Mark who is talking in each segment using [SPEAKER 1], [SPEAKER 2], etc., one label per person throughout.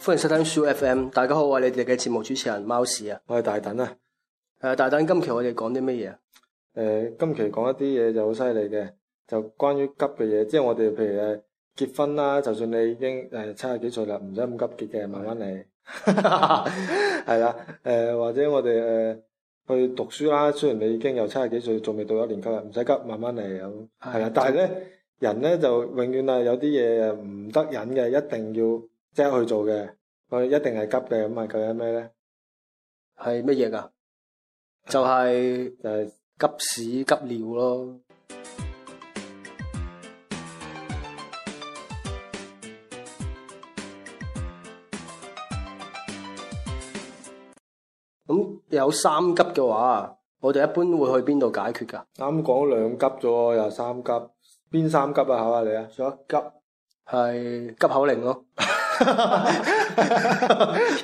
[SPEAKER 1] 歡迎收聽書 FM，大家好，我係你哋嘅節目主持人貓屎啊，我係大等啊，誒、呃，大等，今期我哋講啲乜嘢？誒、呃，今期講一啲嘢就好犀利嘅，就關於急嘅嘢，即係我哋譬如誒結婚啦，就算你已經誒、呃、七十幾歲啦，唔使咁急結嘅，慢慢嚟，係啦的，誒、 呃、或者我哋誒。呃去讀書啦，雖然你已經有七十幾歲，仲未到一年級啦，唔使急，慢慢嚟咁。係啊的，但係咧，就是、人咧就永遠啊，有啲嘢唔得忍嘅，一定要即刻去做嘅，佢一定係急嘅。咁啊，究竟咩咧？係乜嘢㗎？就係、係、就急屎急尿咯。有三急嘅話，我哋一般會去邊度解決噶？啱講兩急咗，又三急，邊三急啊？考吓你啊？仲一急係急口令咯，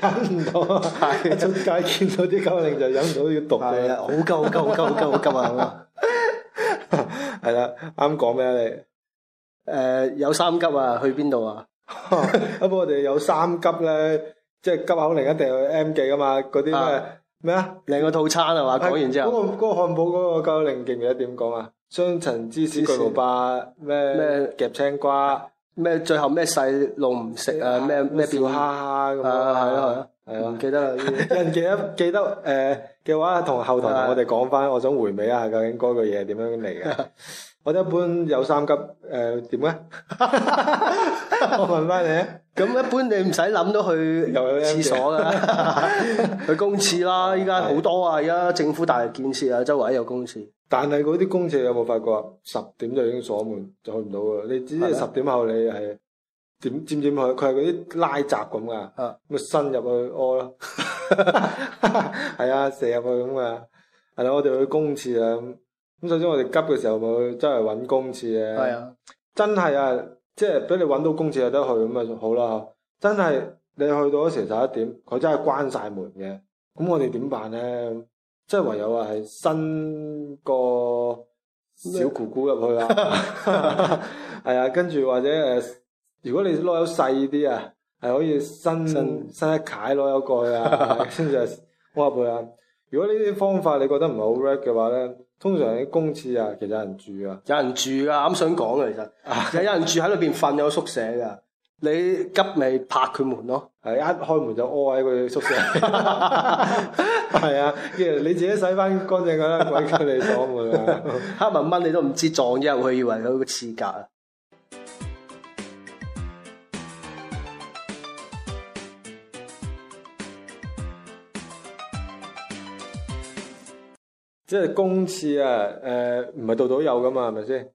[SPEAKER 1] 忍唔到，喺出街見到啲口令就忍唔到要讀，係啊，好急好急好急好急好急啊！係啦，啱講咩啊？你誒有三急啊？去邊度啊？咁我哋有三急咧，即係急口令一定去 M 記啊嘛，嗰啲咩？咩啊？兩個套餐啊，嘛的？講完之後嗰、那個嗰、那個漢堡嗰個夠靈勁，記唔記得點講啊？雙層芝士巨龍霸咩，咩夾青瓜咩，最後咩細路唔食啊，咩咩吊蝦啊，咁啊係啊，係麼啊。係咯的的記得啦 有人記得記得誒嘅話，同後台同我哋講翻，我想回味一下究竟嗰個嘢點樣嚟嘅。 我哋一般有三急，呃，誒點咧？我問翻你，咁一般你唔使諗都去又有廁所噶去公廁啦。依家好多啊，而家政府大力建設啊，周圍有公廁。但係嗰啲公廁有冇發覺十點就已經鎖門，就去唔到啦。你只係十點後你係點？漸漸去，佢係嗰啲拉閘咁噶咁伸入去屙咯。係啊，射入去咁啊，係啦，我哋去公廁啊。咁首先我哋急嘅時候咪會是、啊、真係揾公廁嘅，真係啊，即係俾你揾到公廁有得去咁咪好啦。真係你去到嗰時十一點，佢真係關晒門嘅。咁我哋點辦咧？即係、嗯、唯有係伸個小姑姑入去啦。係很美 啊，跟住或者誒，如果你籮柚細啲啊，係可以伸、嗯、伸一攰籮柚個嘅，先至我話佢啊。 如果呢啲方法你覺得唔係好 rap 嘅話咧，通常啲公廁啊，其實有人住啊， 有人住噶，啱想講嘅其實，有有人住喺裏邊瞓有宿舍噶，你急咪拍佢門咯、哦，係一開門就屙喺佢宿舍，係啊，跟住你自己洗翻乾淨佢啦，鬼跟你鎖門、啊， 黑蚊蚊你都唔知撞咗入去，以為佢個刺格。啊！即係公廁啊！誒唔係度度有噶嘛，係咪先？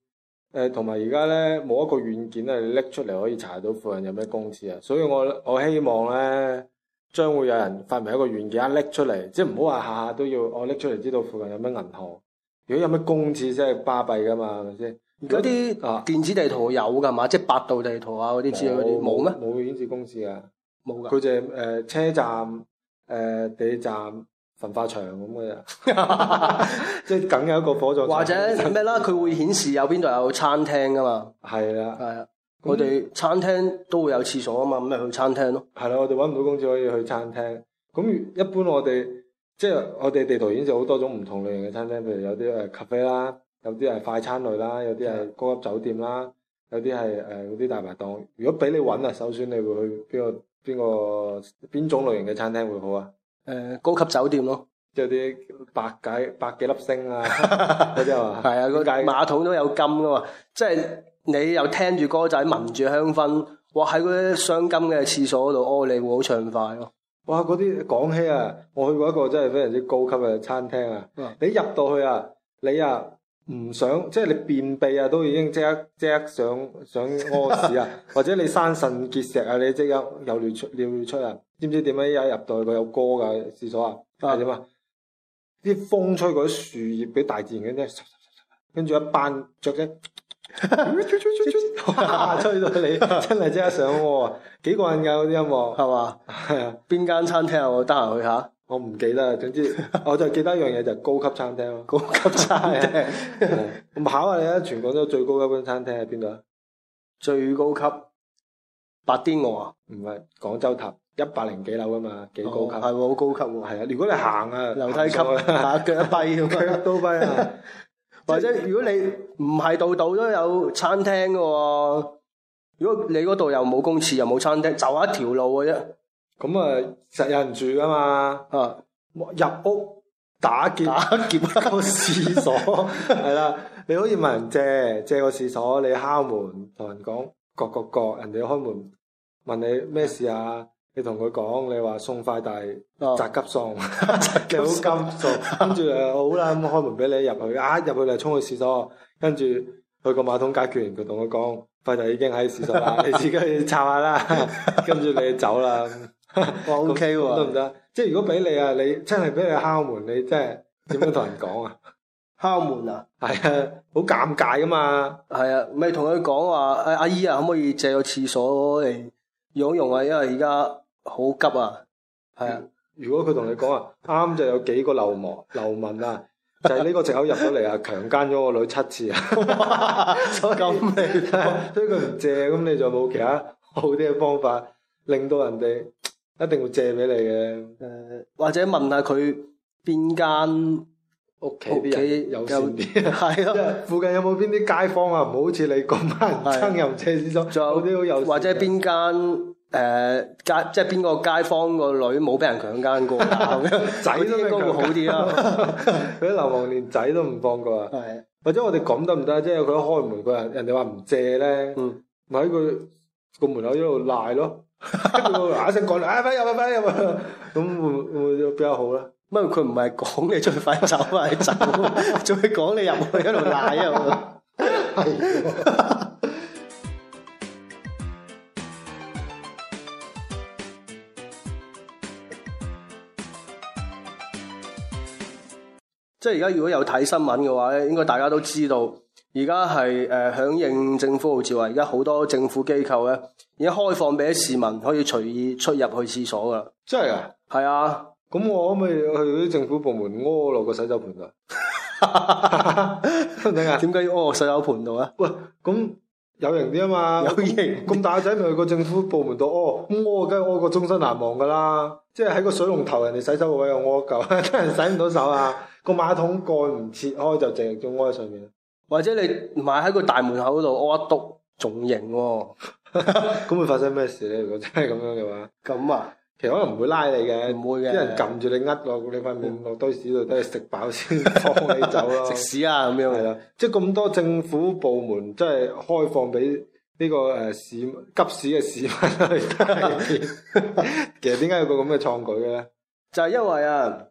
[SPEAKER 1] 誒同埋而家咧冇一個軟件咧，你拎出嚟可以查到附近有咩公廁啊！所以我我希望咧，將會有人發明一個軟件，一拎出嚟，即係唔好話下下都要我拎出嚟知道附近有咩銀行，如果有咩公廁即係巴閉噶嘛，係咪先？而家啲啊電子地圖有㗎嘛，啊、即係百度地圖啊嗰啲之類嗰啲冇咩？冇顯示公廁啊，冇㗎。佢就誒車站、誒、呃呃呃、地鐵站。焚化場咁嘅嘢，即係梗有一個火葬場。 或者咩啦？佢會顯示有邊度有餐廳噶嘛？係啊，係啊。我哋餐廳都會有廁所啊嘛，咁咪去餐廳咯。係啦，我哋搵唔到工，只可以去餐廳。咁一般我哋即係我哋地圖顯示好多種唔同類型嘅餐廳，譬如有啲誒咖啡啦，有啲係快餐類啦，有啲係高級酒店啦，有啲係誒嗰啲大排檔。如果俾你搵啊，首選你會去邊個邊個邊種類型嘅餐廳會好啊？誒高級酒店咯，即係啲百幾百幾粒星啊，嗰啲啊，係啊，嗰啲馬桶都有金噶嘛，即係你又聽住歌仔，聞住香薰，哇！喺嗰啲鑲金嘅廁所度屙、哦、你會好暢快咯。哇！嗰啲講起啊，我去過一個真係非常之高級嘅餐廳啊，你入到去啊，你啊～唔想，即係你便秘啊，都已經即刻即刻想想屙屎啊，或者你生腎結石啊，你即刻有尿出尿尿出啊，知唔知點解？一入到去佢有歌噶廁所啊，係點啊？啲風吹嗰啲樹葉俾大自然嘅，啲，跟住一班著嘅，吹到你真係即刻想喎，幾過癮㗎嗰啲音樂，係嘛吧？邊間 餐廳啊？我得閒去下。我唔記得，總之我就記得一樣嘢就係高級餐廳咯。高級餐廳，我考下你啦，全廣州最高級嘅餐廳喺邊度啊？最高級，白天鵝啊，唔係廣州塔一百零幾樓噶嘛，幾高級？係喎，好高級喎，係啊！如果你行啊，樓梯級啊，腳跛，腳都跛啊。或者如果你唔係度度都有餐廳嘅喎，如果你嗰度又冇公廁又冇餐廳，就一條路嘅啫。咁啊，實有人住噶嘛？啊，入屋打劫打劫個廁所，係啦，你可以問人借借個廁所，你敲門同人講，各各各，人哋開門問你咩事啊？你同佢講，你話送快遞，宅急送，宅急送，跟住誒好啦，開門俾你入去，啊入去你衝去廁所，跟住去個馬桶解決完，佢同佢講，快遞已經喺廁所啦，你自己去插下啦，跟住你走啦。我 OK 喎，得唔得？即係如果俾你啊，你真係俾你敲門，你真係點樣同人講啊？敲門啊？係啊，好尷尬㗎嘛。係啊，咪同佢講話，阿姨啊，可唔可以借個廁所嚟用用啊？因為而家好急啊。係啊。如果佢同你講啊，啱就有幾個流氓流民啊，就係呢個借口入咗嚟啊，強姦咗個女七次啊。所以咁你，所以佢唔借，咁你就冇其他好啲嘅方法令到人哋。一定會借俾你嘅，誒或者問下佢邊間屋企友善啲，係咯，即係附近有冇邊啲街坊啊？唔好好似你咁乜人親又借唔到，或者邊間誒街，即係邊個街坊個女冇俾人強奸過啊？仔都應該會好啲啦，佢啲流氓連仔都唔放過啊！或者我哋講得唔得？即係佢一開門，佢人哋話唔借咧，咪喺佢個門口一路賴咯。佢一聲講，哎快入，快入，咁會會比較好啦。乜佢唔係講你出去快走，快走，仲係講你入去喺度踩啊！係、啊。啊、 是的笑即係而家如果有睇新聞嘅話咧，應該大家都知道。而家係誒響應政府號召啊！而家好多政府機構咧，而家開放俾市民可以隨意出入去廁所噶啦。真係是啊、嗯？係啊！咁我可唔可以去嗰啲政府部門屙落個洗手 盆度。點解？點解要屙洗手盆度啊？喂，咁有型啲啊嘛！有型！咁大仔咪去個政府部門度屙，咁我梗係屙個終身難忘㗎啦！即係喺個水龍頭、人哋洗手位又屙嚿，真係洗唔到手啊！個馬桶蓋唔切開就淨係仲屙喺上面。或者你買喺個大門口度屙一督，仲型喎。咁 會發生咩事咧？如果真係咁樣嘅話，咁啊，其實可能唔會拉你嘅，唔會嘅。啲人撳住你，呃落你塊面落堆屎度，等你食飽先放你走啊，食屎 啊咁樣嚟啦。即係咁多政府部門，即係開放俾呢個誒市急屎嘅市民。其實點解有個咁嘅創舉嘅咧？就係因為啊，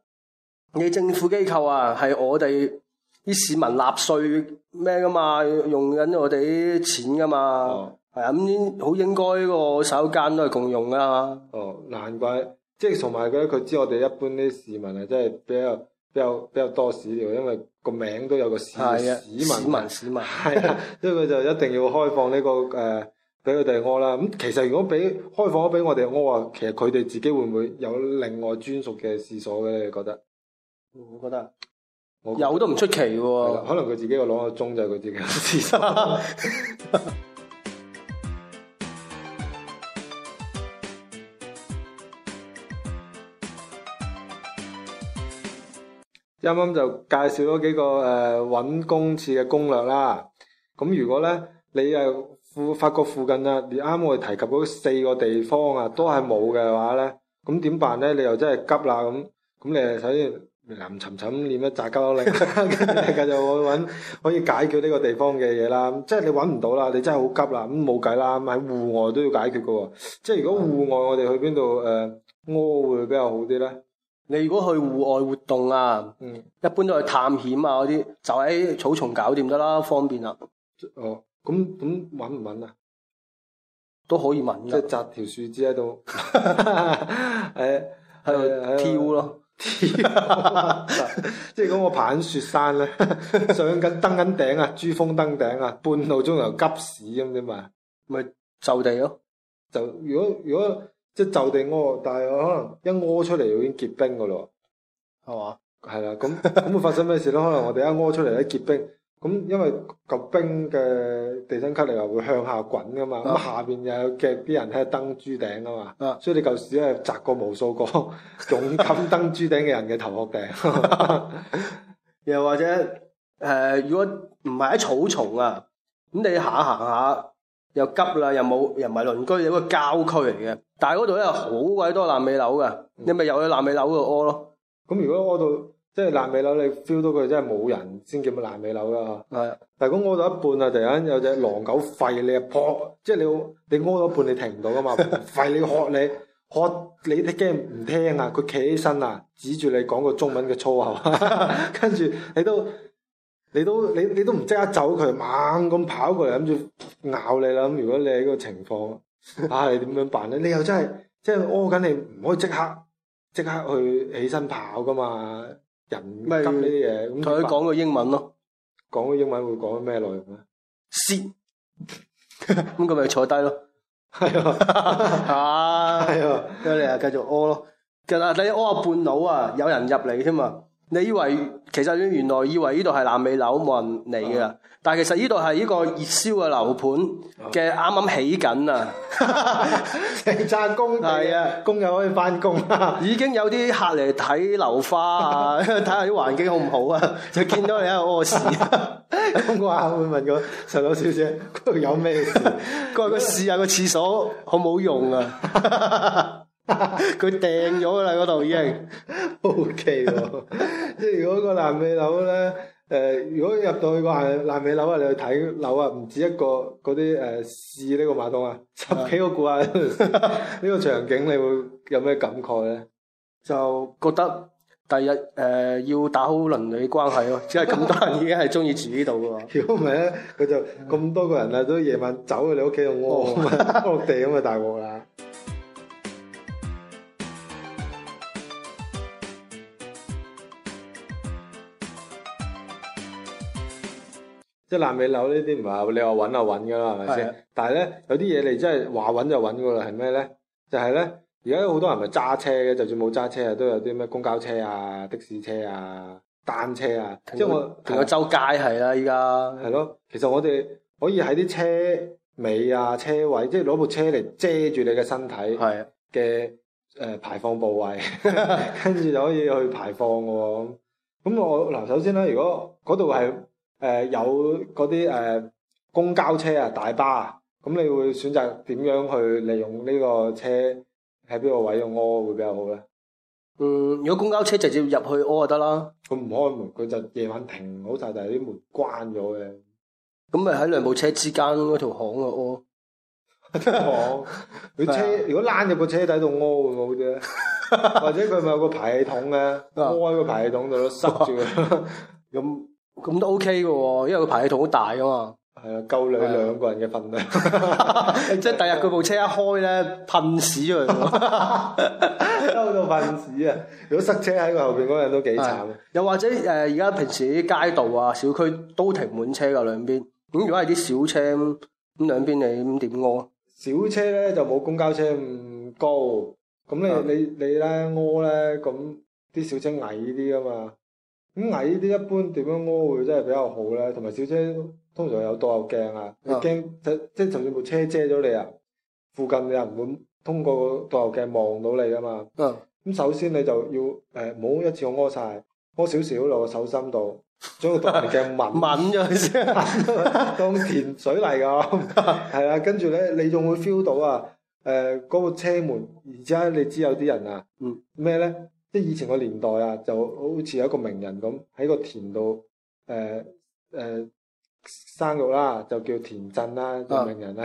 [SPEAKER 1] 你政府機構啊，係我哋。啲市民納稅咩噶嘛，用緊我哋啲錢噶嘛，係啊，咁好應該個洗手間都係共用噶嚇。哦，難怪，即係同埋佢。佢知我哋一般啲市民係真係比較比較比較多屎尿，因為個名都有個屎市民的市民，係，所以佢就一定要開放呢、呢個誒俾佢哋屙啦。咁其實如果俾開放咗俾我哋屙，其實佢哋自己會唔會有另外專屬嘅廁所咧？你覺得？我、嗯、覺得。有都唔出奇喎，可能佢自己個攞個鐘就係佢自己。啱啱就介紹咗幾個誒揾、呃、公廁嘅攻略啦。咁如果咧你誒附發覺附近啊，你啱我哋提及嗰四個地方啊，都係冇嘅話咧，咁點辦咧？你又真係急啦咁，咁你誒首先。林沉尋練一扎筋力，繼續我揾可以解決呢個地方嘅嘢啦。即係你揾唔到啦，你真係好急啦，咁冇計啦。喺戶外都要解決噶、喔。即係如果戶外我哋去邊度誒屙會比較好啲咧？你如果去戶外活動啊，嗯，一般都去探險啊嗰啲，嗯、就喺、哎、草叢搞掂得啦，方便啦。哦，咁咁揾唔揾啊？找找都可以揾，即係扎條樹枝喺度，誒， 喺度跳咯。ャ即係嗰個爬緊雪山咧，上緊登緊頂啊，珠峰登頂啊，半路中又急屎咁點啊？咪就地咯？就如果如果即係就地屙，但係可能一屙出嚟就已經結冰噶咯，係嘛？ 係啦，咁咁會發生咩事咯？可能我哋一屙出嚟咧結冰。咁因為嚿冰嘅地心吸力又會向下滾噶嘛，咁、嗯、下邊又有嘅啲人喺度登珠頂噶嘛，嗯、所以你舊時咧摘過無數個勇敢、嗯、登珠頂嘅人嘅頭殼頂。 又或者誒、呃，如果唔係喺草叢啊，咁你行下行下又急啦，又冇又唔係鄰居，有個郊區嚟嘅，但係嗰度咧好鬼多爛尾樓噶，嗯、你咪又去爛尾樓嗰度屙咯。咁如果屙到，即係爛尾樓，你 feel 到佢真係冇人先叫佢爛尾樓噶。係，但係咁屙到一半啊，突然間有隻狼狗吠你，撲，即係你你屙到一半，你停唔到噶嘛？吠你喝你，喝你你驚唔聽啊！佢企起身啊，指住你講個中文嘅粗口， 跟住你都你都你你都唔即刻走，佢猛咁跑過嚟，諗住咬你啦。咁如果你喺個情況，啊，點樣辦咧？你又真係即係屙緊，你唔可以即刻即刻，即刻去起身跑噶嘛？人咩呢啲嘢，同佢講個英文咯，講個英文會講咩內容咧先？咁佢咪坐低咯，係啊，係啊，跟住你又繼續屙咯，其實你屙啊半腦啊，有人入嚟添嘛。你以為其實原來以為呢度係爛尾樓冇人嚟噶，嗯、但其實呢度係呢個熱銷嘅樓盤嘅啱啱起緊啊！成扎工係啊， 工友可以翻工啊！ 已經有啲客嚟睇樓花啊，睇下啲環境好唔好啊？ 就見到你喺度屙屎，咁 我阿爸會問我陳老小姐，嗰度有咩？嗰個屎有個廁所好冇用啊！ 佢掟咗啦，嗰度已經。O K 喎，即係如果個爛尾樓咧，誒、呃，如果入到去個係爛尾樓啊，你去睇樓啊，唔止一個嗰啲誒試呢個馬桶啊，十幾個個啊，呢 個場景你會有咩感慨咧？就 覺得第日誒、呃、要打好鄰里關係咯、哦。只係咁多人已經係中意住 呢度喎。如果唔係咧，佢就咁多個人啊，都夜晚走去你屋企度屙，屙落地咁啊，大鑊啦！爛尾樓呢啲唔係你話揾就揾噶啦，係咪先？但係咧，有啲嘢你真係話揾就揾噶啦，係咩咧？就係、是、咧，而家好多人咪揸車嘅，就算冇揸車啊，都有啲咩公交車啊、的士車啊、單車啊，其即係我行咗其的周街係啦，依家係咯。其實我哋可以喺啲車尾啊、車位，即係攞部車嚟遮住你嘅身體，係嘅誒排放部位，跟 住就可以去排放嘅。咁我嗱，首先咧，如果嗰度係誒、呃，有嗰啲誒公交車啊、大巴啊，咁你會選擇點樣去利用呢個車喺邊個位度屙會比較好咧？嗯，如果公交車直接入去屙就得啦。佢唔開門，佢就夜晚停好晒，但係啲門關咗嘅。咁咪喺兩部車之間嗰條巷度屙，真係佢車如果躝入個車底度屙會好啫， 或者佢咪有個排氣筒嘅，屙喺個排氣筒度都塞住佢咁。嗯 咁都 OK 嘅，因為佢排氣筒好大啊嘛。係啊，夠兩兩個人嘅份量。即係第日佢部車一開咧，噴屎啊，兜到噴屎啊！如果塞車喺佢後邊嗰日都幾慘。又或者誒，而家平時啲街道啊、小區都停滿車噶兩邊。咁如果係啲小車咁，兩邊你咁點屙？小車咧就冇公交車咁高，咁你你你咧屙咧咁啲小車矮啲啊嘛。咁矮啲一般點樣屙會真係比較好咧？同埋小車通常有倒後鏡啊，你驚、嗯、即係即係就算部車遮咗你啊，附近嘅人唔會通過倒後鏡望到你㗎嘛。咁、嗯、首先你就要誒唔好一次過屙晒，屙少少落個手心度，將、 呃嗰個倒後鏡抿抿咗先，當填水嚟㗎。係啦，跟住咧你仲會 feel 到啊誒嗰個車門，而家你知有啲人啊咩咧？嗯即係以前個年代啊，就好似有一個名人咁，喺個田度誒誒生育啦，就叫田震啦，個名人啦。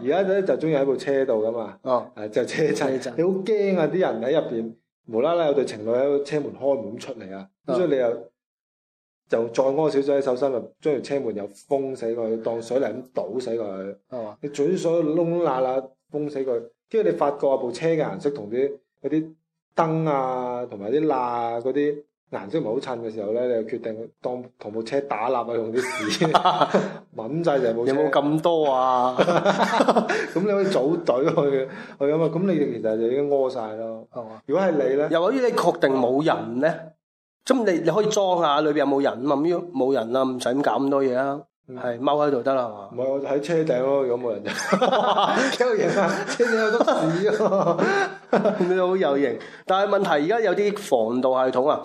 [SPEAKER 1] 而家咧就中意喺部車度噶嘛，啊就車震，你好驚啊！啲人喺入邊無啦啦有對情侶喺車門開門出嚟啊，咁所以你又就再安少少喺手心入，將條車門又封死佢，當水泥咁堵死佢。啊，你總水窿窿罅罅封死佢，跟住你發覺部車嘅顏色同啲啲。燈啊，同埋啲蠟啊，嗰啲顏色唔係好襯嘅時候咧，你就決定當同部車打蠟啊，用啲屎抌晒就冇車。有冇咁多啊？咁你可以組隊去去咁啊？咁你其實就已經屙晒咯，係嘛？如果係你咧，又或者你確定冇人咧，咁你你可以裝下裏邊有冇人啊？咁樣冇人啦，唔使咁搞咁多嘢啊。係踎喺度得啦，係嘛？唔係，我就喺車頂咯，有冇人就幾有型啊？車頂有督屎，你好有型。但係問題而家有啲防盜系統啊，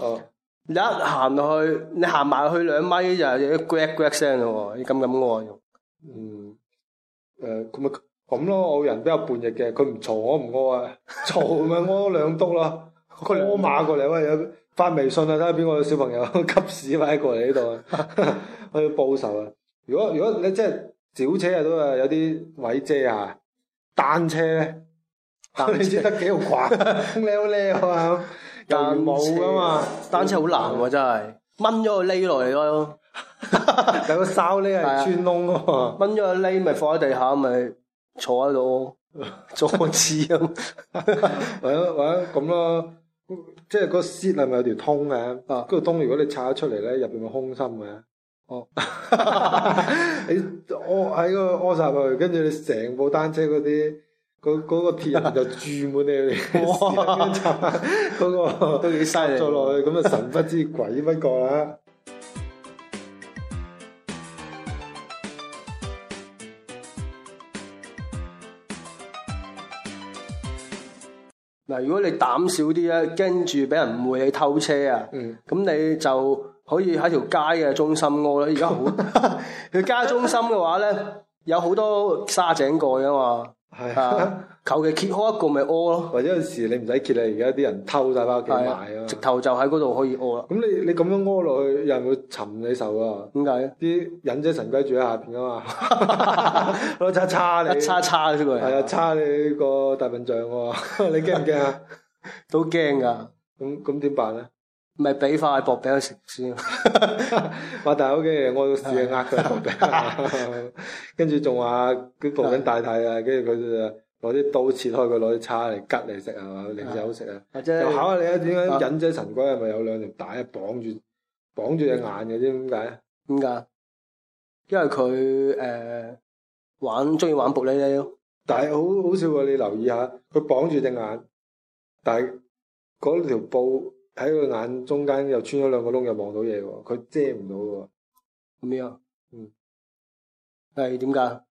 [SPEAKER 1] 一行落去，你行埋去兩米就又要 grack grack 聲咯，你咁咁屙。嗯，誒，咁咪咁咯。我人都有半日嘅，佢唔嘈，我唔屙啊。嘈咪屙兩督啦。佢屙馬過嚟，喂，有發微信啊，睇下邊個小朋友急屎埋喺過嚟呢度，啊。我要報仇啊！如果如果你即係小車啊都啊有啲位遮下，單車
[SPEAKER 2] 咧，你知得幾好滑，
[SPEAKER 1] 溜溜 啊，又冇啊嘛，單車好難喎、啊、真係，掹咗個笠落嚟咯，有個哨笠係穿窿喎，掹咗個笠咪放喺地下咪坐喺度坐姿咁，或者或者咁咯，即係、個 s e t 係咪有條通嘅？啊，嗰條通如果你拆咗出嚟咧，入邊咪空心嘅、啊。哦，oh. 你屙喺個屙晒落去，跟住你成部單車嗰啲，嗰、那、嗰個鐵人就注滿你哈哈，哇！嗰 個都幾犀利，坐落去咁，啊神不知鬼不覺啦～如果你膽小啲咧，驚住俾人誤會你偷車啊，咁、嗯、你就可以喺條街嘅中心屙啦。而家好，佢街 中心嘅話咧，有好多沙井蓋啊嘛。係啊，求其、啊、揭開一個咪屙咯，或者有時你唔使揭你而家啲人偷晒翻屋企買啊，直頭就喺嗰度可以屙啦。咁你你咁樣屙落去，人會尋你仇啊。點解？啲忍者神龜住喺下邊啊嘛，我叉叉你，叉叉出啫，係啊，叉你個大笨象喎，你驚唔驚啊？ 怕怕 都驚噶的。咁咁點辦咧？咪俾塊薄餅佢食先，話是的 大好驚嘅，我試下呃佢薄餅，跟住仲話佢布緊大帶啊，跟住佢就攞啲刀切開佢，攞啲叉嚟吉嚟食係嘛，靚仔的好食啊！又考下你啊，點解忍者神龜係咪有兩條帶啊綁住綁住隻眼嘅啫？點解？點解？因為佢誒、呃、玩中意玩布，利利咯，但係好好笑啊！你留意下，佢綁住隻眼，但係嗰條布。喺佢眼中間又穿咗兩個窿、啊，又望到嘢喎、啊。佢遮唔到嘅喎。咁 樣樂？嗯。係點解？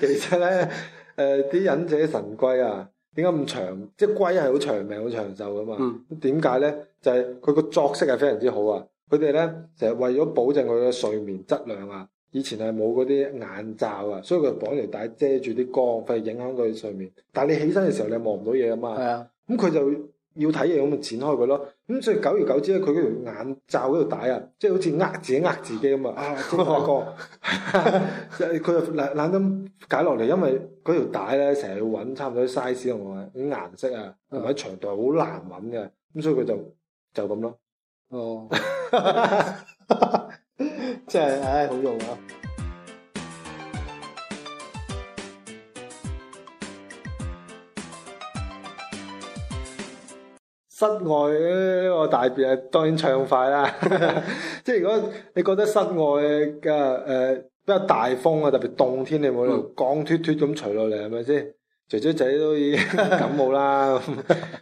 [SPEAKER 1] 其實咧，誒、呃，啲忍者神龜啊，點解咁長？即係龜係好長命、好長壽噶嘛？嗯。點解咧？就係佢個作息係非常之好啊。佢哋咧，成日為咗保證佢嘅睡眠質量啊，以前係冇嗰啲眼罩啊，所以佢綁條帶遮住啲光，費影響佢睡眠。但係你起身嘅時候，你望唔到嘢啊嘛。係啊。咁佢 就。要睇嘢咁咪剪開佢咯，咁、嗯、所以久而久之咧，佢嗰條眼罩嗰條帶啊，即係好似呃自己呃自己咁啊，即係我個，佢 就懶懶咁解落嚟。因為嗰條帶咧成日要揾差唔多啲 size 同埋啲顏色啊，同埋、uh huh. 長度好難揾嘅，咁所以佢就就咁咯。哦、uh，即係唉好用啊！室外咧個大便係當然暢快啦， 即係如果你覺得室外嘅誒、呃、比較大風啊，特別冬天你冇喺度光脫脫咁除落嚟係咪先？姐姐仔都已經感冒啦。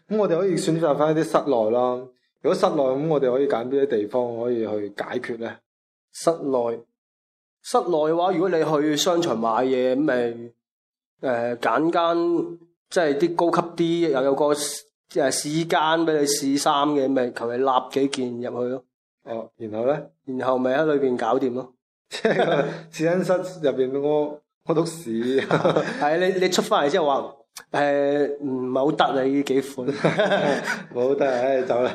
[SPEAKER 1] 咁我哋可以選擇翻啲室內咯。如果室內咁，我哋可以揀邊啲地方可以去解決咧？室內，室內嘅話，如果你去商場買嘢咁係誒揀間即係啲高級啲又有個。即係試間俾你試衫嘅，咪求其立幾件入去咯。哦，然後咧？然後咪喺裏邊搞掂咯。 即係試身室入邊，我我篤屎。係 啊，你你出翻嚟之後話，誒唔係好得你呢幾款。冇 得 行，唉走啦。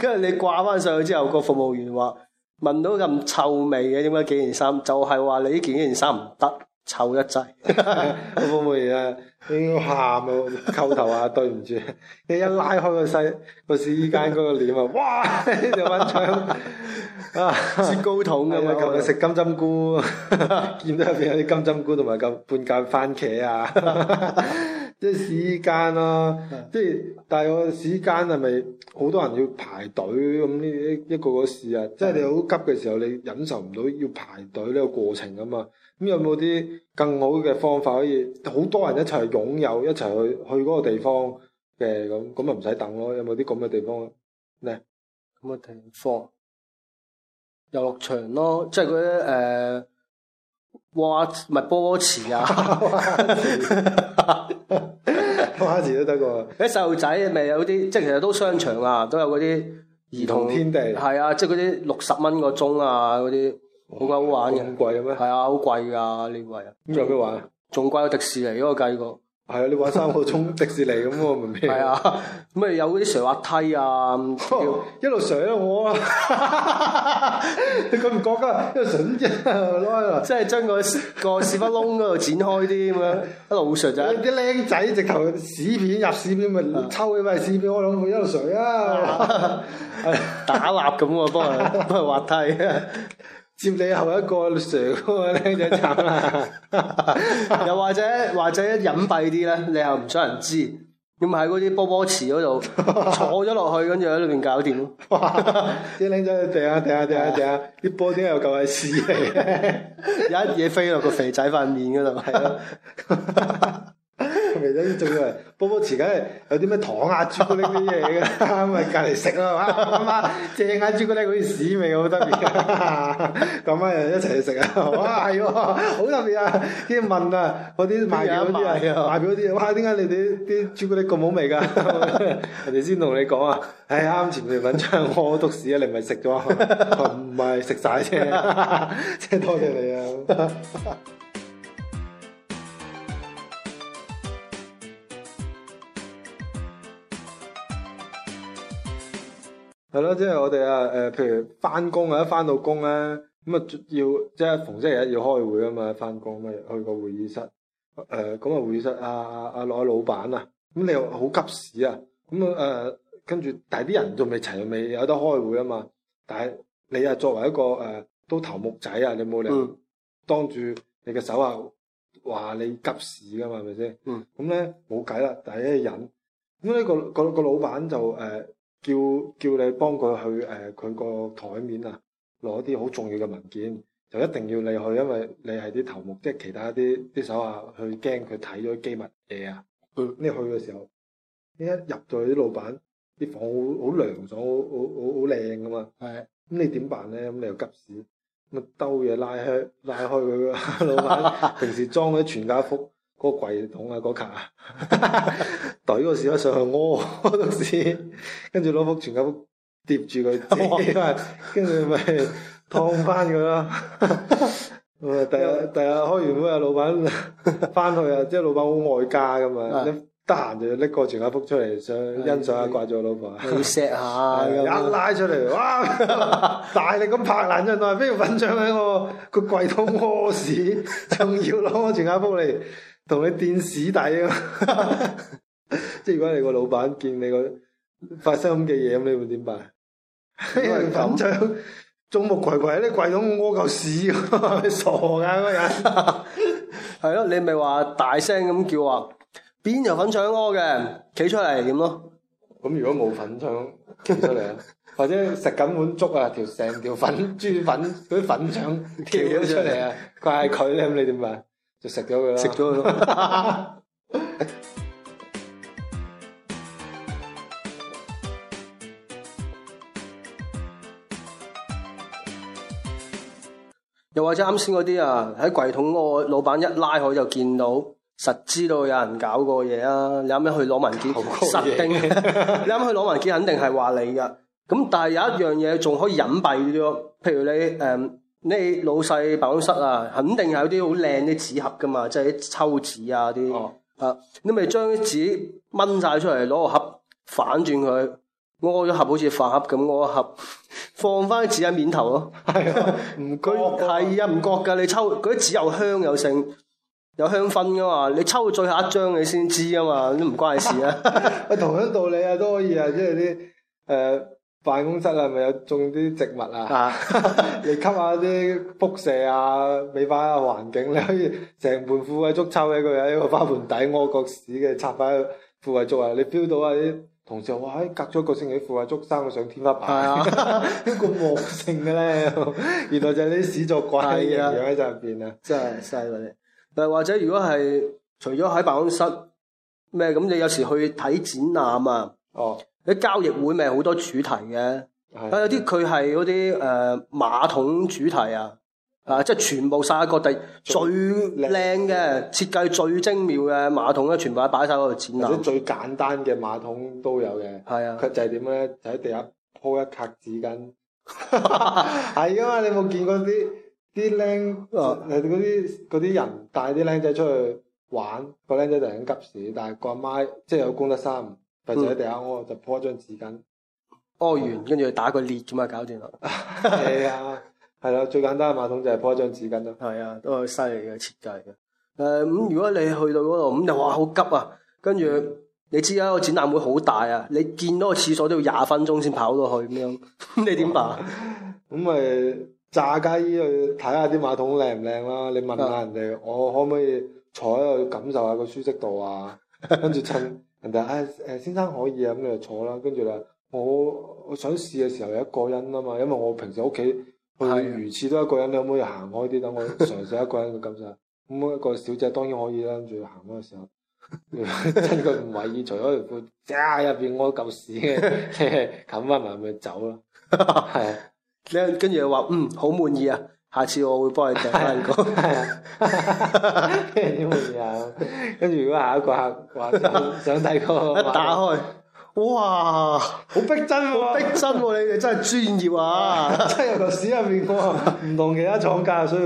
[SPEAKER 1] 跟住你掛翻上去之後，個 服務員話聞到咁臭味嘅，點解幾件衫？就係、是、話你呢件幾件衫唔得。臭一滯，服務員啊，你喊啊，叩頭啊，對唔住，你一拉開個西、那個衣間嗰個簾啊，哇，有蚊蟲啊，雪糕桶咁啊，食、 哎、呀金針菇，見 到入邊有啲金針菇同埋咁半間番茄啊。 即係時間啦、啊，嗯、即係但係我哋時間係咪好多人要排隊咁呢？一個一個事啊！嗯、即係你好急嘅時候，你忍受唔到要排隊呢個過程啊嘛。咁有冇啲更好嘅方法可以好多人一齊擁有，一齊去去嗰個地方嘅咁咁啊？唔使等咯。有冇啲咁嘅地方咧？咁啊，地方遊樂場咯，即係嗰啲誒嘩唔係波池啊！ 都得個，啲細路仔咪有啲，即係其實都商場啊，都有嗰啲兒童天地，係啊，即係嗰啲六十蚊個鐘啊，嗰啲好鬼好玩嘅，係、哦、啊，好貴㗎呢位，咁有咩玩啊？仲貴過迪士尼我都計過。係啊，你玩三個鐘迪士尼咁喎，明唔明？係啊，咁啊有嗰啲瀡滑梯啊， 一路瀡、啊、我，啊！ 你覺唔覺噶？一路瀡啫，即係將個個屎窟窿嗰度剪開啲咁樣，一路瀡就啲僆仔直頭屎片入屎片咪抽，起為屎片我。諗佢一路瀡啊， 打滑咁啊，幫佢幫佢滑梯。 接你後一個蛇嗰個僆仔慘啦， 又或者 或者，或者隱一隱蔽啲咧，你又唔想人知，咁喺嗰啲波波池嗰度 坐咗落去，跟住喺裏邊搞掂咯。啲僆仔掟下掟下掟下掟下，啲波點又夠係屎嚟，有 一嘢飛落個肥仔塊面嗰度，係咯。 嚟咗仲啊，波波池梗係有啲咩糖啊、 朱古力啲嘢嘅，咁咪隔離食咯，嘛？正啊，朱古力好似屎味，好特別。咁啊， 又一齊去食啊， 哇！係喎、哦，好特別啊！啲問啊，嗰啲賣嘢嗰啲啊，賣表嗰啲，哇！點解你哋啲朱古力咁好味㗎？人哋先同你講啊，唉 啱、哎、前面品將我篤屎啊，你咪食咗，唔係食晒啫，即係多謝你啊！ 係咯，即係我哋啊，誒、呃，譬如翻工啊，一翻到工咧，咁啊要即係逢星期日要開會啊嘛，翻工咪去個會議室，誒、呃，咁啊會議室阿阿阿老老闆啊，咁、啊啊、你又好急屎啊，咁啊誒，跟住但係啲人仲未齊，未有得開會啊嘛，但係你啊作為一個誒、啊、都頭目仔啊，你冇理由當住你嘅手下啊，話你急屎噶、啊、嘛，係咪先？嗯，咁咧冇計啦，但係一忍，咁、那、呢個、那個、那個老闆就誒。呃叫叫你幫佢去，誒，佢個台面啊，攞啲好重要嘅文件，就一定要你去，因為你係啲頭目，即係其他啲啲手下，佢驚佢睇咗機密嘢啊。佢是你去嘅時候，你一入到去啲老闆啲房，好好涼爽，好好好靚㗎嘛。係是。咁你點辦咧？咁你又急屎，咁兜嘢拉開拉開佢個老闆， 平時裝嗰啲全家福嗰、嗰個櫃桶啊嗰、嗰、卡 懟個時候上去屙，嗰時跟住攞幅全家福貼住佢，自己。咪跟住咪燙翻佢啦。第日第日開完會啊，老闆翻去啊，即係老闆好外家噶嘛，得閒的就要拎個全家福出嚟，想欣賞下掛住嘅老婆，錫下一拉出嚟，哇！大力咁拍爛張，我話邊個粉腸喺我個櫃桶屙屎，仲要攞個全家福嚟同你墊屎底。 即係如果你個老闆見你個發生咁嘅嘢咁，你會點辦？啲粉腸眾目睽睽喺你櫃桶屙嚿屎，傻噶嗰個人。係咯，你咪話大聲咁叫話，邊條粉腸屙嘅？企出嚟咁咯。咁如果冇粉腸企出嚟，或者食緊碗粥啊，條成條粉豬粉嗰啲粉腸跳咗出嚟啊，怪佢咧咁，你點辦？就食咗佢啦。食咗佢咯。又或者啱先嗰啲啊，喺、嗯、櫃桶嗰老闆一拉開就見到，實知道有人搞過嘢啊。你啱啱去攞文件，實丁，你啱啱去攞文件肯定係話你噶。咁但係有一樣嘢仲可以隱蔽啲，譬如你誒、嗯，你老細辦公室啊，肯定係有啲好靚啲紙盒噶嘛，即係啲抽紙啊啲。哦。啊，你咪將啲紙掹晒出嚟，攞個盒反轉佢。我屙咗盒好似飯盒咁，我屙一盒放翻啲紙喺面頭咯。係啊，唔覺，係啊，唔覺㗎。你抽嗰啲紙又香又剩，有香薰㗎嘛？你抽最後一張你先知啊嘛，都唔關你事啊。 同樣道理啊，都可以啊，即係啲誒辦公室啊，係咪有種啲植物啊， 你吸下啲輻射啊，美化下環境。你可以成盆富貴竹抽一佢，喺個花盆底屙個屎嘅，插翻富貴竹啊，你飆到啊啲～同時話，哎，隔咗個星期，褲啊竹生，我上天花板，一咁旺盛嘅咧，原來就係啲屎作怪嘅嘢喺入邊啊！真係犀利。嗱、啊啊，或者如果係除咗喺辦公室，咩咁？你有時去睇展覽啊，哦，啲交易會咪好多主題嘅，是啊，啊有啲佢係嗰啲誒馬桶主題啊。啊！即係全部晒各地最靚嘅設計，最精妙嘅馬桶咧，全部都擺晒嗰度展覽。或者最簡單嘅馬桶都有嘅。係啊。佢就係點咧？就喺地下鋪一格紙巾。係啊嘛，你冇見過啲啲僆誒嗰啲嗰啲人帶啲僆仔出去玩，個僆仔就係咁急屎，但係個阿媽即係有公德心，嗯、鋪就喺地下屙，就鋪張紙巾，屙完跟住打個裂咁啊，搞掂啦。係啊。係啦，最簡單嘅馬桶就係鋪一張紙巾咯。係啊，都係犀利嘅設計嘅。誒咁，如果你去到嗰度咁就哇好急啊！跟住 你知啦、啊，個展覽會好大啊，你見到個廁所都要廿分鐘先跑到去咁樣，嗯、 你點辦？咁咪 炸街去睇下啲馬桶靚唔靚啦？的你問下人哋，我可唔可以坐喺度感受下個舒適度啊？ 跟住趁人哋誒誒先生可以啊，咁你就坐啦。跟住咧，我我想試嘅時候有一個人啊嘛，因為我平時喺屋企。佢如此都一個人，你可唔可以行開啲？等我嘗試一個人嘅感受。咁一 個小姐當然可以啦，跟住行開嘅時候， 趁佢唔為意，除開個渣入邊屙嚿屎嘅，冚翻埋咪走咯。係 的，跟跟住話嗯，好滿意啊！下次我會幫你整翻個。哈哈哈！真滿意啊！跟住如果下一個客，話想睇個，打開。 哇，好逼真喎，啊！好逼真喎，啊！ 你哋真係專業啊， 真係入史入面喎，唔 同其他廠家，所以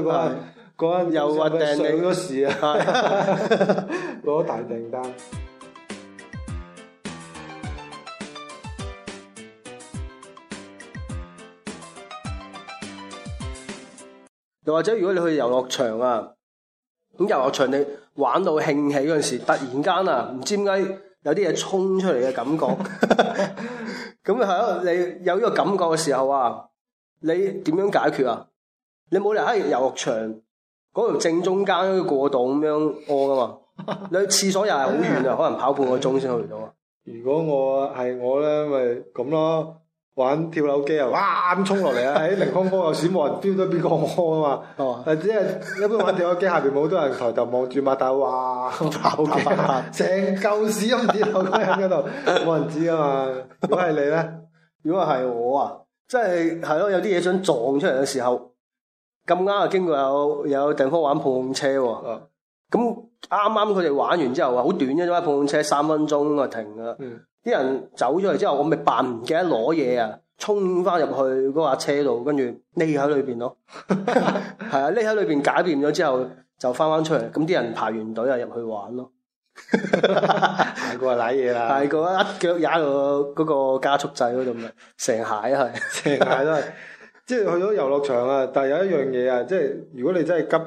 [SPEAKER 1] 嗰日又話訂你嗰事啊，攞大訂單。又或者如果你去遊樂場啊，咁遊樂場你玩到興起嗰陣時，突然間啊，唔知點解，有啲嘢衝出嚟嘅感覺，咁又係咯，你有呢個感覺嘅時候啊，你點樣解決啊？你冇理由喺遊樂場嗰條正中間嗰個過道咁樣屙噶嘛？你去廁所又係好遠啊， 可能跑半個鐘先去到啊。 如果我係我咧，咪咁咯。玩跳樓機啊！哇，啱衝落嚟啊！喺凌空波又閃冇人，feel 邊個慌啊嘛？哦，即係一般玩跳樓機，下邊好多人抬頭望住擘大，哇！成嚿屎咁跌落嚟喺度，冇 人知啊嘛！如果係你咧，如果係我啊， 即係係咯，有啲嘢想撞出嚟嘅時候，咁啱又經過有有地方玩碰碰車喎。咁啱啱佢哋玩完之後啊，好短啫，啫嘛，碰碰車三分鐘啊，停㗎啦。啲人走出嚟之後，我咪扮唔記得攞嘢啊，衝翻入去嗰架車度，跟住匿喺裏邊咯。係 啊，匿喺裏邊搞掂咗之後，就翻翻出嚟。咁啲人排完隊又入去玩咯。係個瀨嘢啦，係個一腳踩到嗰個加速掣嗰度咪，成蟹都係，成 蟹都係。即係去咗遊樂場啊！但係有一樣嘢啊，即係如果你真係急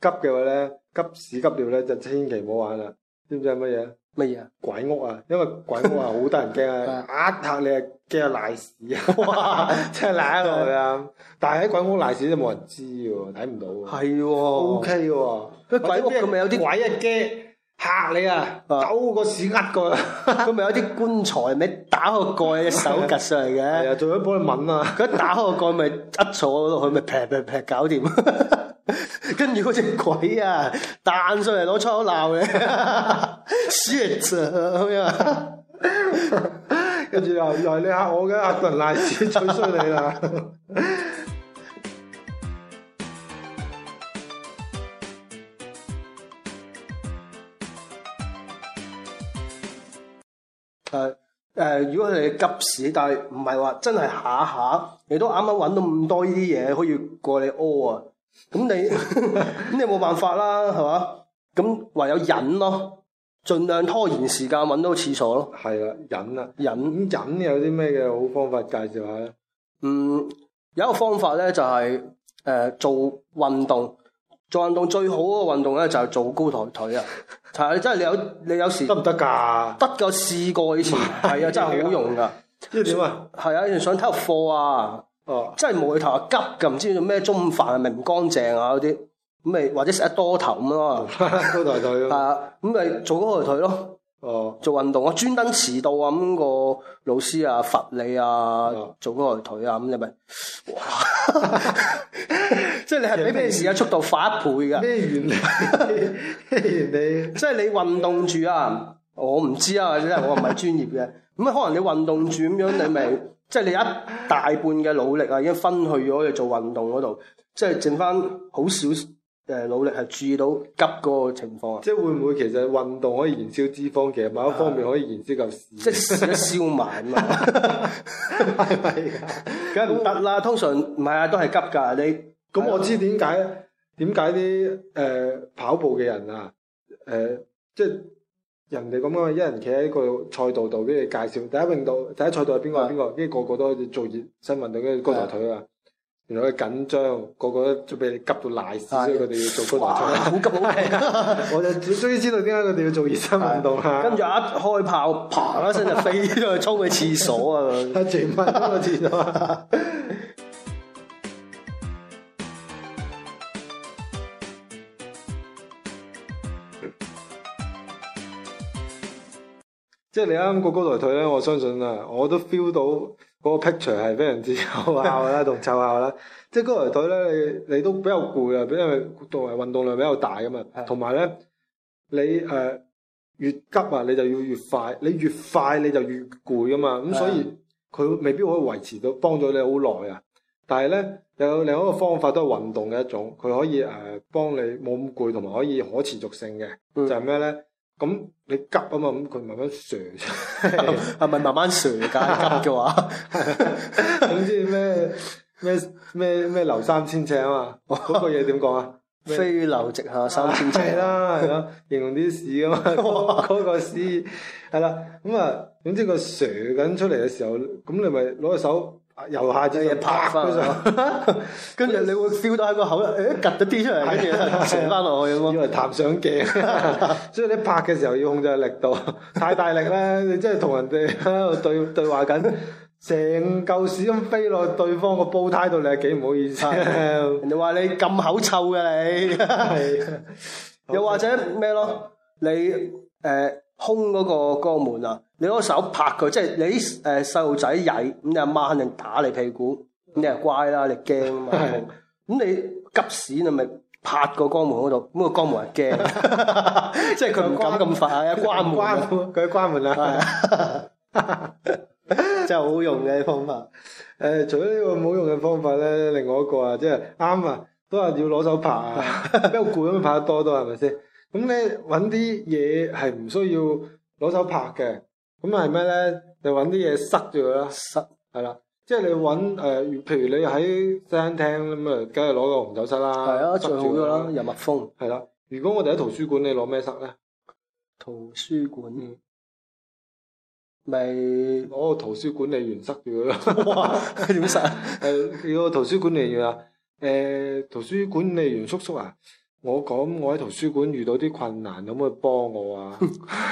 [SPEAKER 1] 急嘅話咧，急屎急尿咧就千祈唔好玩啦。知唔知係乜嘢？咩啊？鬼屋啊，因為鬼屋啊好 多人驚 啊，呃吓你啊，驚瀨屎啊，哇，真係瀨落去啊！但係喺鬼屋瀨屎都冇人知喎，睇唔到喎。係喎，O K 喎。鬼屋咁咪有啲鬼啊，驚嚇你啊，走個屎呃過佢，佢咪有啲棺材，你打開個蓋，手夾上嚟嘅，做咗幫你問啊。佢一打開個蓋，咪一坐落去，咪劈劈劈搞掂。 跟住嗰隻鬼啊彈上嚟攞粗口鬧你，死人上啊！跟住又又你吓我嘅，阿頓爛屎最衰你啦！誒誒，如果你急屎，但係唔係話真係下下，你都啱啱揾到咁多呢啲嘢，可以過你屙啊！咁 你咁你冇辦法啦，係嘛？咁唯有忍咯，盡量拖延時間，揾到廁所咯。係啦，忍啦，忍忍有啲咩嘅好方法介紹下咧？嗯，有一個方法咧就係、是、誒、呃、做運動，做運動最好嘅運動咧就係做高抬腿啊！係啊、就是、你真係你有你有時得唔得噶？得噶，試過以前係 啊，真係好用噶。又點啊？係啊，以前上體育課啊！哦，真係無厘頭啊！急噶，唔知做咩中午飯係咪唔乾淨啊？嗰啲咁咪或者食得多頭咁咯，高抬腿咯，係啊，咁咪做高抬腿咯。哦，做運動我專登遲到啊！咁個老師啊罰你啊，做高抬腿啊咁你咪，即係你係俾咩時間速度快一倍噶？咩原理？咩原理？即係你運動住啊！我唔知啊，即係我唔係專業嘅。咁啊，可能你運動住咁樣，你咪。即係你一大半嘅努力啊，已經分去咗去做運動嗰度，即係剩翻好少誒努力係注意到急個情況啊！即係會唔會其實運動可以燃燒脂肪，其實某一方面可以燃燒急？即係 燒埋啊嘛！係咪， 梗係唔得啦！通常唔係、嗯、啊，都係急㗎。你咁我知點解？點解啲誒跑步嘅人啊？誒即係。人哋咁樣，一人企喺一個賽道度，俾你介紹第一泳道，第一賽道係邊個邊個，跟住個個都開始做熱身運動，跟住高抬腿啊，原來佢緊張，個個都俾你急到瀨屎，哎、呀所以佢哋要做高抬腿。好急好急， 我就終於知道點解佢哋要做熱身運動啦。跟住的一開炮，啪一聲就飛咗 去衝去廁所啊，一成蚊都去廁所。 即係你啱啱個高抬腿咧，我相信啊，我都 feel 到嗰個 picture 係非常之有效啦同奏效啦。即係高抬腿咧，你你都比較攰啊，因為同埋運動量比較大啊嘛。係。同埋咧，你誒、呃、越急啊，你就要越快，你越快你就越攰啊嘛。咁的所以佢未必可以維持到幫咗你好耐啊。但係咧，有另一個方法都係運動嘅一種，佢可以誒幫、呃、你冇咁攰，同埋可以可持續性嘅，就係咩咧？嗯咁你急啊嘛，咁佢慢慢射出，係咪 慢慢射噶急嘅話，總之咩咩咩咩流三千尺啊嘛，嗰、那個嘢點講啊？飛流直下三千尺啦，係咯、啊，形容啲事啊嘛，嗰哇個詩係啦，咁啊，總之個射緊出嚟嘅時候，咁你咪攞個手。游下隻嘢拍嗰度，跟住你會到、哎、笑到喺個口，誒，趌咗啲出嚟，整翻落去咁咯。以為彈上鏡， 所以你拍嘅時候要控制力度，太大力咧， 你真係同人哋喺度對對話緊，成嚿屎咁飛落去對方個煲呔度，你係幾唔好意思？ 人哋話你咁口臭嘅你， 又或者咩咯？你誒。呃空嗰個肛門啊，你攞手拍佢，即係你啲誒細路仔曳，咁你阿媽肯定打你屁股，咁你啊乖啦，你驚啊嘛。咁你急屎你咪拍個肛門嗰度，咁個肛門係驚， 即係佢唔敢咁快啊，一 關門。佢關門啦，門 真係好用嘅方法。誒，除咗呢個冇用嘅方法咧，另外一個啊，即係啱啊，都係要攞手拍啊，因為攰，咁拍得多都係咪先？是咁咧揾啲嘢係唔需要攞手拍嘅，咁係咩咧？你揾啲嘢塞住佢啦，塞係啦，即係你揾誒、呃，譬如你喺餐廳咁啊，梗係攞個紅酒塞的塞啦，最好嘅啦，又密封。係啦，如果我哋喺圖,圖書館，你攞咩塞咧？圖書館咪攞個圖書管理員塞住佢咯。佢點 塞啊？係、 呃、個圖書管理員啊？誒，圖書管理員叔叔,叔,叔,叔啊？我講我喺圖書館遇到啲困難，有冇去幫我啊？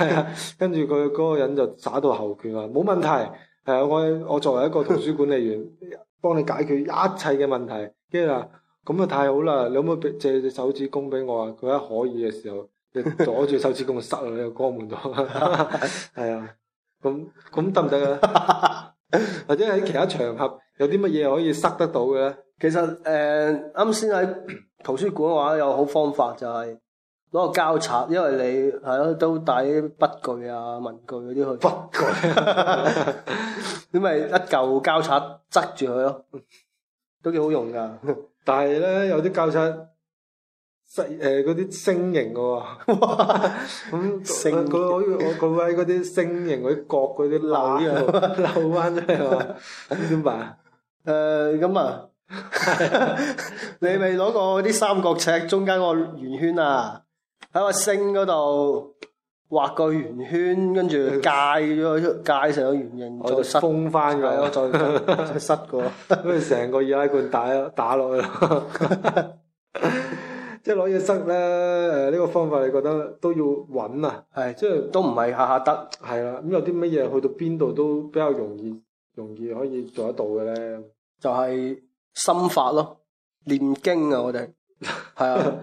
[SPEAKER 1] 跟住佢嗰個人就耍到後拳啊，冇問題，誒，我我作為一個圖書管理員，幫你解決一切嘅問題。跟住話咁啊太好啦，你可唔可以借隻手指公俾我啊？佢一可以嘅時候，就躲住手指公就塞落你個肛門度。係 啊、嗯，咁咁得唔得啊？或者喺其他場合有啲乜嘢可以塞得到嘅咧？其實誒，啱先喺。剛剛圖書館嘅話有好方法就係攞個膠擦，因為你係咯都帶啲筆具啊、文具嗰啲去。筆具，因為一嚿膠擦執住佢咯，都幾好用噶。 但係咧有啲膠擦細誒，嗰啲星形嘅喎、哦。咁成佢可以佢會喺嗰啲星形嗰啲角嗰啲漏漏返出嚟係嘛？咁點辦？誒，咁啊。 你咪攞個啲三角尺中間個圓圈啊，喺個星嗰度畫個圓圈，跟住界咗界成個圓形，再封翻佢，再塞再塞個，跟住成個易拉罐打打落去，即係攞嘢塞咧。誒，呢個方法你覺得都要穩啊？係、 就是，即係都唔係下下得。係啦，咁有啲乜嘢去到邊度都比較容易，容易可以做得到嘅咧？就係、是。心法咯，念經啊，我哋係啊，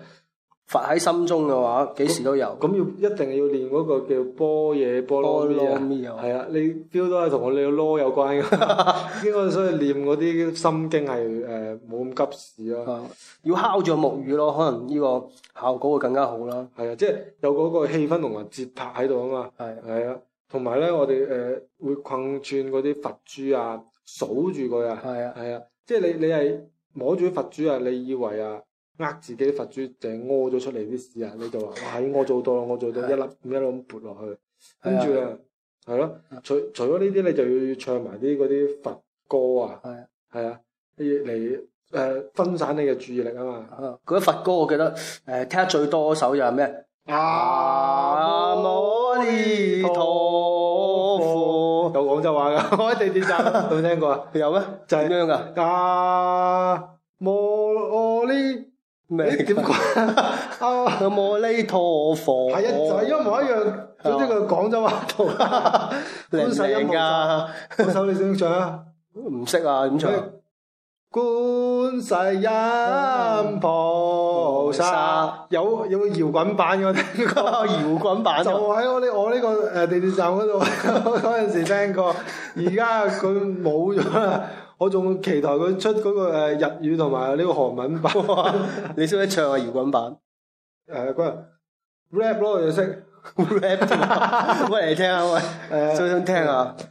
[SPEAKER 1] 佛喺心中嘅話，幾時都有。咁要、哦、一定要念嗰個叫波嘢波囉係啊，你 feel 都係同我哋囉有關嘅，因為所以念嗰啲心經係誒冇咁急事啊。要敲住木魚咯，可能呢個效果會更加好啦。係啊，即係有嗰個氣氛同埋節拍喺度啊嘛。係係啊，同埋咧，我哋誒、呃、會困串嗰啲佛珠啊，數住佢啊，係啊， 係、嗯、啊。即係你你係摸住啲佛珠啊，你以為啊，呃自己啲佛珠淨係屙咗出嚟啲屎啊，你就話我做到咗喇，我做到一粒咁一粒咁撥落去，跟住啊，係咯，除除咗呢啲，你就要唱埋啲嗰啲佛歌啊，係啊，啲嚟誒分散你嘅注意力啊嘛。嗰啲佛歌我記得誒聽最多嗰首又係咩？阿彌陀。就話噶，我喺地鐵站有冇聽過啊？有咩就係咁樣噶。啊，摩阿咧咩？點講啊？阿摩呢套陀佛。係啊，就係一模一樣，總之佢講咗話同。靚唔靚㗎？嗰首你識唔識唱啊？唔識啊，點唱？觀世音菩薩有，有搖滾版，我聽過搖滾版，就喺我呢我呢、呢個誒地鐵站嗰度嗰陣時聽過，而家佢冇咗啦。我仲期待佢出嗰個誒日語同埋呢個韓文版。 你識唔識唱啊搖滾版？誒、uh,，嗰 rap 咯，又識 rap，播咯嚟 聽下喂，想唔想聽下？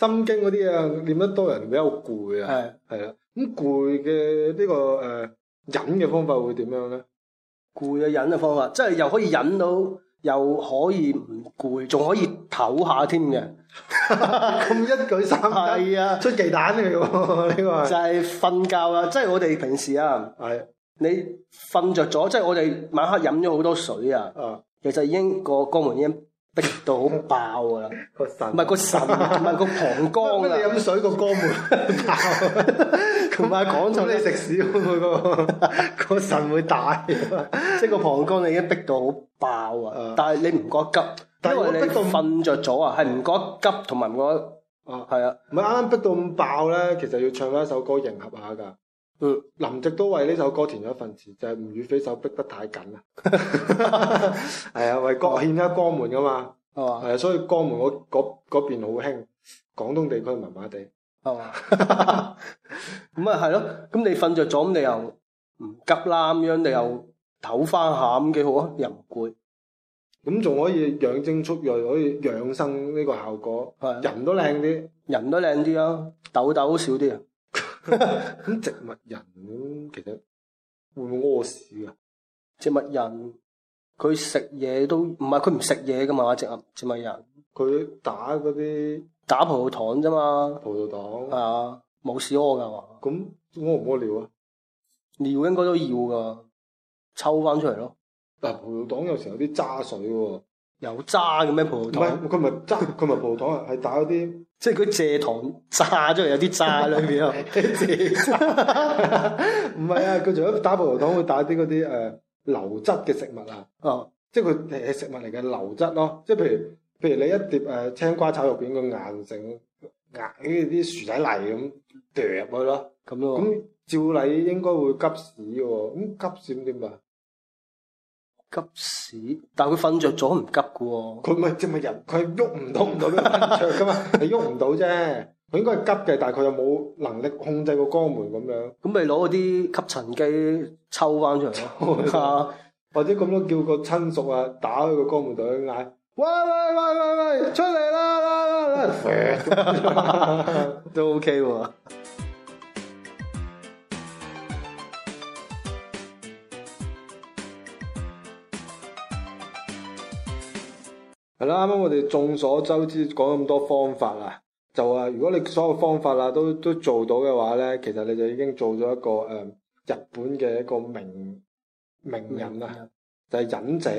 [SPEAKER 1] 心經嗰啲啊，念得多人比較攰啊，係係啦。咁攰嘅呢個誒、呃、忍嘅方法會點樣咧？攰嘅、啊、忍嘅方法，即係又可以忍到，又可以唔攰，仲可以唞下添嘅。咁 一舉三下，係啊的，出奇蛋嚟喎，呢個就係瞓覺啊，覺的即係我哋平時啊，係的你瞓着咗，即係我哋晚黑飲咗好多水啊，啊、嗯，其實已經個肛門已經。逼到好爆啊 個腎！個腎！唔係個腎！唔係個膀胱啊 你。你飲水個肛門爆，同埋講就你食屎會， 個個腎會大，即係個膀胱你已經逼到好爆啊！嗯、但係你唔覺得急，但我逼到因為你瞓着咗啊，係唔覺急，同埋唔覺哦，係啊，唔係啱啱逼到咁爆咧，其實要唱翻一首歌迎合下噶。林夕都為呢首歌填咗一份詞，就係、是、吳宇飛手逼得太緊啦。係、 哎哦、啊，為國慶啊，江門噶嘛。係啊，所以江門嗰邊好興，廣東地區麻麻地。係嘛、哦啊？咁啊係咯。咁你瞓着咗，咁你又唔急啦。咁樣你又唞翻下，咁幾、嗯、好啊？又唔攰。咁仲可以養精蓄鋭，可以養生呢個效果。哦、人都靚啲，人都靚啲啊，痘痘少啲。 植物人咧，其實會唔會屙屎噶？植物人佢食嘢都唔係佢唔食嘢噶嘛，植物植物人佢打嗰啲打葡萄糖啫嘛，葡萄糖係啊，冇屎屙噶嘛。咁屙唔屙尿啊？尿應該都要噶，抽翻出嚟咯。但係葡萄糖有時候有啲渣水喎，有渣嘅咩葡萄糖？佢咪渣，佢咪葡萄糖，係打嗰啲。 即係佢蔗糖炸咗，有啲炸喺裏邊啊！唔係啊，佢仲有打葡萄糖，會打啲嗰啲誒流質嘅食物啊！哦，即係佢係食物嚟嘅流質咯。即係譬如譬如你一碟誒、呃、青瓜炒肉片，個硬，成硬啲啲薯仔泥咁啄入去咯。咁咯、啊，咁照理應該會急屎喎。咁急屎點辦？急屎，但係佢瞓着咗唔急嘅喎，佢唔係即係唔係人，佢喐唔到唔到咁瞓着係喐唔到啫，佢 應該係急嘅，但係佢又冇能力控制個肛門咁樣，咁咪攞啲吸塵機抽翻出嚟咯， 或者咁樣都叫個親屬啊打開個肛門度嗌，喂喂喂喂喂，出嚟啦啦啦啦，啦 都 OK 喎的。 啱啱我哋眾所周知講咁多方法啊，就話如果你所有方法啦都都做到嘅話咧，其實你就已經做咗一個誒、呃、日本嘅一個名名人啦，人就係忍者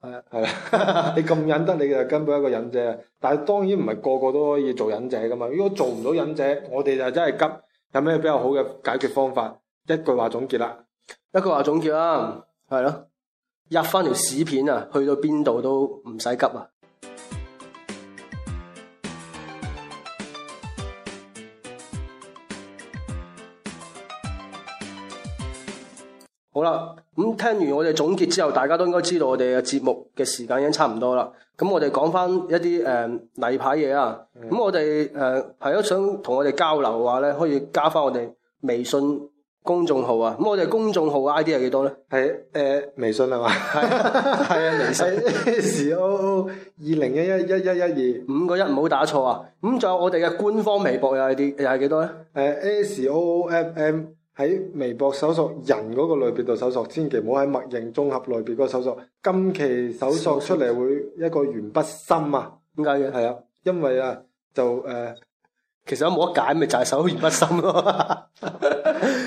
[SPEAKER 1] 啊，係啦的， 你咁忍得，你就根本一個忍者。但係當然唔係個個都可以做忍者㗎嘛，如果做唔到忍者，我哋就真係急。有咩比較好嘅解決方法？一句話總結啦，一句話總結啦、啊，係咯、嗯，入返條屎片啊，去到邊度都唔使急啊！好啦，咁、嗯、聽完我哋總結之後，大家都應該知道我哋嘅節目嘅時間已經差唔多啦。咁我哋講翻一啲誒例牌嘢啊。咁、嗯嗯、我哋誒係都想同我哋交流嘅話咧，可以加翻我哋微信公眾號啊。咁我哋公眾號嘅 ID 係幾多咧？係誒微信係嘛？係、呃、啊，微信。 S O O 二零一一一一一二五個一唔好打錯啊。咁、嗯、仲有我哋嘅官方微博嘅 ID 又係幾多咧？誒，S，、呃、S O O M M。M 喺微博搜索人嗰個類別度搜索，千祈唔好喺默認綜合類別嗰度搜索。今期搜索出嚟會一個鉛筆心啊？點解嘅？係啊，因為啊，就誒，呃、其實都冇得解，咪就係手鉛筆心咯。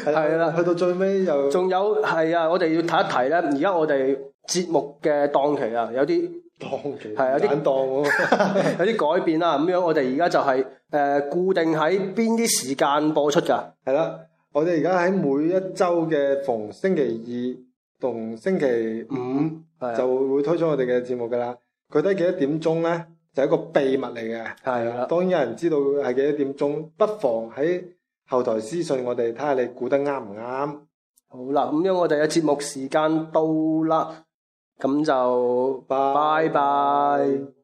[SPEAKER 1] 係啦，去到最尾又。仲有係啊，我哋要提一提咧。而家我哋節目嘅檔期啊，有啲檔期係有啲檔，有啲 改變啦。咁 樣我哋而家就係誒固定喺邊啲時間播出噶。係啦。我哋而家喺每一周嘅逢星期二同星期五的就會推出我哋嘅節目噶啦，具體幾多點鐘呢？就係、是、一個秘密嚟嘅。係的當然有人知道係幾多點鐘，不妨喺後台私信我哋，睇下你估得啱唔啱。好啦，咁樣我哋嘅節目時間到啦，咁就拜拜。Bye. bye bye.